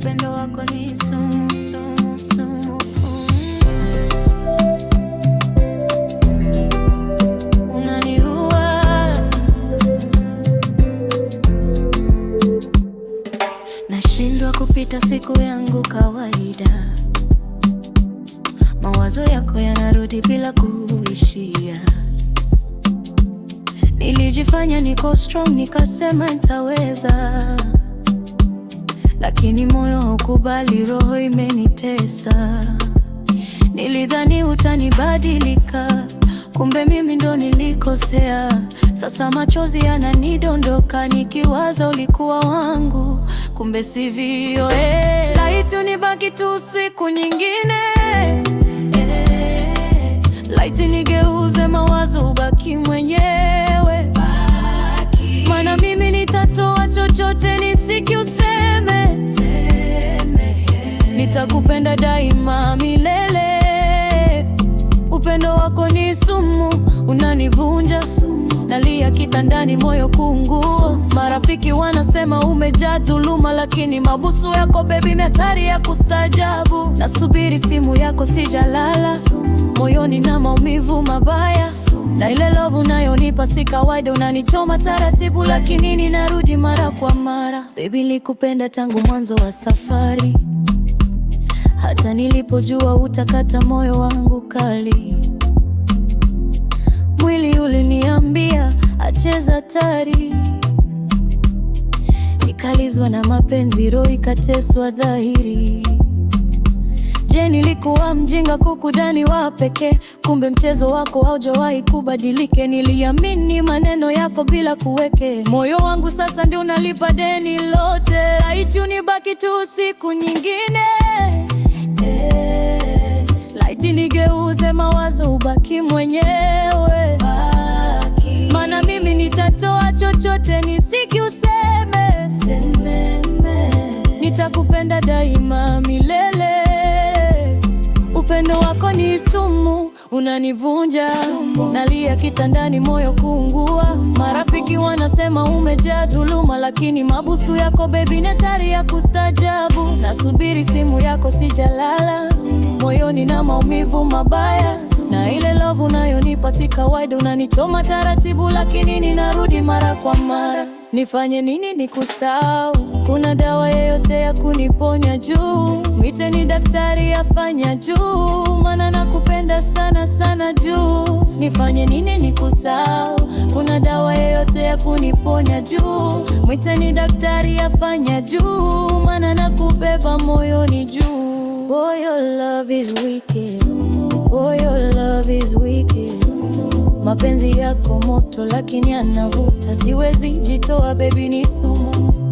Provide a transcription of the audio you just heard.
upendo wako ni sumu, sumu, sumu. Unaniua, nashindwa kupita siku yangu kawaida, mawazo yako yanarudi bila kuishia. Nilijifanya niko strong, nikasema nitaweza lakini moyo haukubali, roho imenitesa. Nilidhani utanibadilika, kumbe mimi ndo nilikosea. Sasa machozi yananidondoka nikiwaza ulikuwa wangu, kumbe sivyo. Eh, laiti unibaki tu siku nyingine eh, laiti nige nitakupenda daima milele. Upendo wako ni sumu, unanivunja sumu, nalia kitandani, moyo kungu. Marafiki wanasema umejaa dhuluma, lakini mabusu yako bebi ni hatari ya kustajabu. Nasubiri simu yako, sijalala, moyoni na maumivu mabaya na ile lovu nayonipa si kawaida, unanichoma taratibu, lakini ninarudi mara kwa mara. Baby, likupenda tangu mwanzo wa safari hata nilipojua utakata moyo wangu kali, mwili uliniambia acheza tari, nikalizwa na mapenzi, roho ikateswa dhahiri. Je, nilikuwa mjinga kukudani wa pekee? Kumbe mchezo wako haujawahi kubadilike. Niliamini maneno yako bila kuweke moyo wangu, sasa ndio unalipa deni lote. Laiti unibaki tu siku nyingine eti nigeuze mawazo ubaki mwenyewe Mana mimi nitatoa chochote nisiki useme Sememe. Nitakupenda daima milele, upendo wako ni sumu unanivunja, nalia kitandani moyo kuungua Marafiki wanasema umejaa dhuluma, lakini mabusu yako bebi, netari ya kustajabu. Nasubiri simu yako sijalala sumu. kawaida, unanichoma taratibu, lakini ninarudi mara kwa mara. Nifanye nini nikusahau? Kuna dawa yeyote ya kuniponya juu? Mwite ni daktari afanya juu, maana nakupenda sana sana juu. Nifanye nini nikusahau? Kuna dawa yeyote ya kuniponya juu? Mwite ni daktari afanya juu, maana nakubeba moyoni juu. Boy, oh, your love is wicked. Boy, oh, your love is wicked. Mapenzi yako moto lakini anavuta, siwezi jitoa, baby ni sumu.